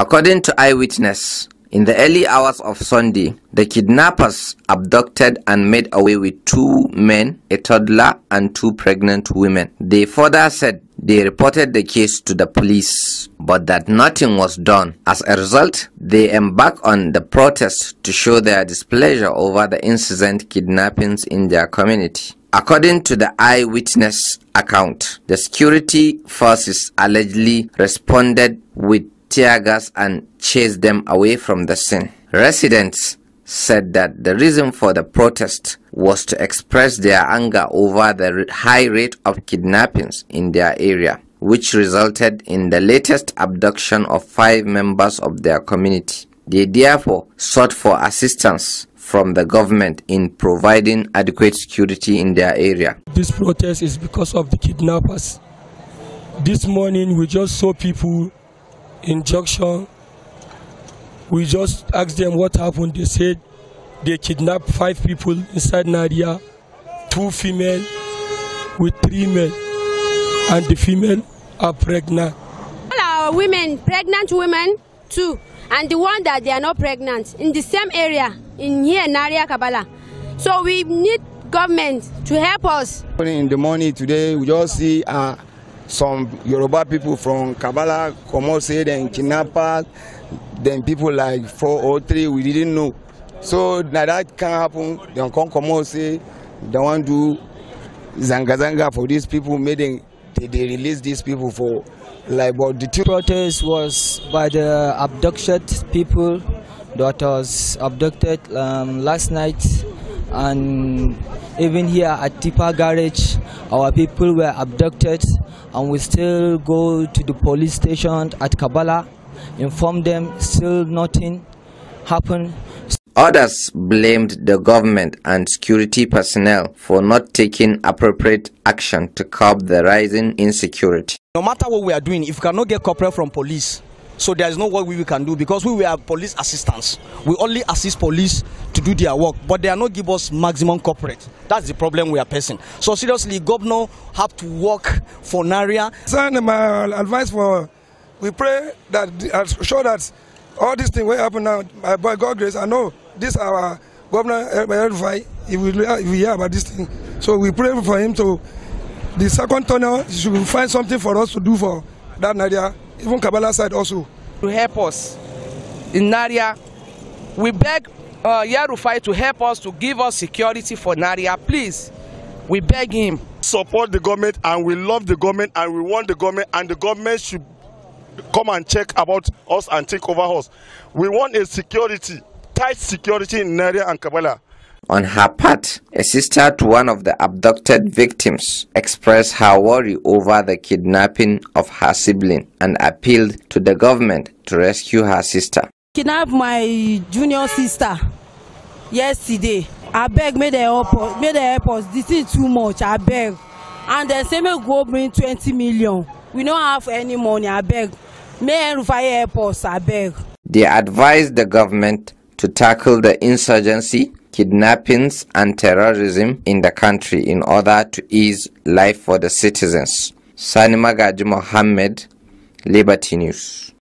According to eyewitness, in the early hours of Sunday, the kidnappers abducted and made away with two men, a toddler, and two pregnant women. They further said they reported the case to the police, but that nothing was done. As a result, they embarked on the protest to show their displeasure over the incessant kidnappings in their community. According to the eyewitness account, the security forces allegedly responded with tear gas and chased them away from the scene. Residents said that the reason for the protest was to express their anger over the high rate of kidnappings in their area, which resulted in the latest abduction of five members of their community. They therefore sought for assistance from the government in providing adequate security in their area. This protest is because of the kidnappers. This morning we just saw people injunction. We just asked them what happened. They said they kidnapped five people inside Nadia, two female with three men, and the female are pregnant. All our women, pregnant women too, and the one that they are not pregnant in the same area in here Naria Kabala. So we need government to help us. In the morning today, we just see uh, some Yoruba people from Kabbalah Komose, then say then people like 403, we didn't know. So now that can happen, they come come Komose. they want to do zanga-zanga for these people, made them, they, they release these people for like what the two protest was by the abducted people that was abducted um, last night and even here at Tipa garage our people were abducted and we still go to the police station at Kabbala, inform them still nothing happened Others blamed the government and security personnel for not taking appropriate action to curb the rising insecurity. No matter what we are doing, if we cannot get corporate from police, so there is no way we can do because we have police assistance. We only assist police to do their work, but they are not give us maximum corporate. That's the problem we are facing. So seriously, governor have to work for Naria. Send my uh, advice for, we pray that, I'm uh, sure that all these things will happen now, by God grace, I know this our governor, uh, Erufai, he will, he hear about this thing. So we pray for him to, the second tunnel, should find something for us to do for that Naria, even Kabbalah side also. To help us in Naria, we beg uh, Yarufai to help us to give us security for Naria. Please, we beg him. Support the government and we love the government and we want the government and the government should come and check about us and take over us. We want a security, tight security in Naria and Kabbalah. On her part, a sister to one of the abducted victims expressed her worry over the kidnapping of her sibling and appealed to the government to rescue her sister kidnap my junior sister yesterday beg, make dem help us make dem help us the too much I beg, and the say make go bring twenty million we don't have any money beg, make rufai help us beg. they advised the government to tackle the insurgency kidnappings and terrorism in the country in order to ease life for the citizens. Sanimagaji Mohammed, Liberty News.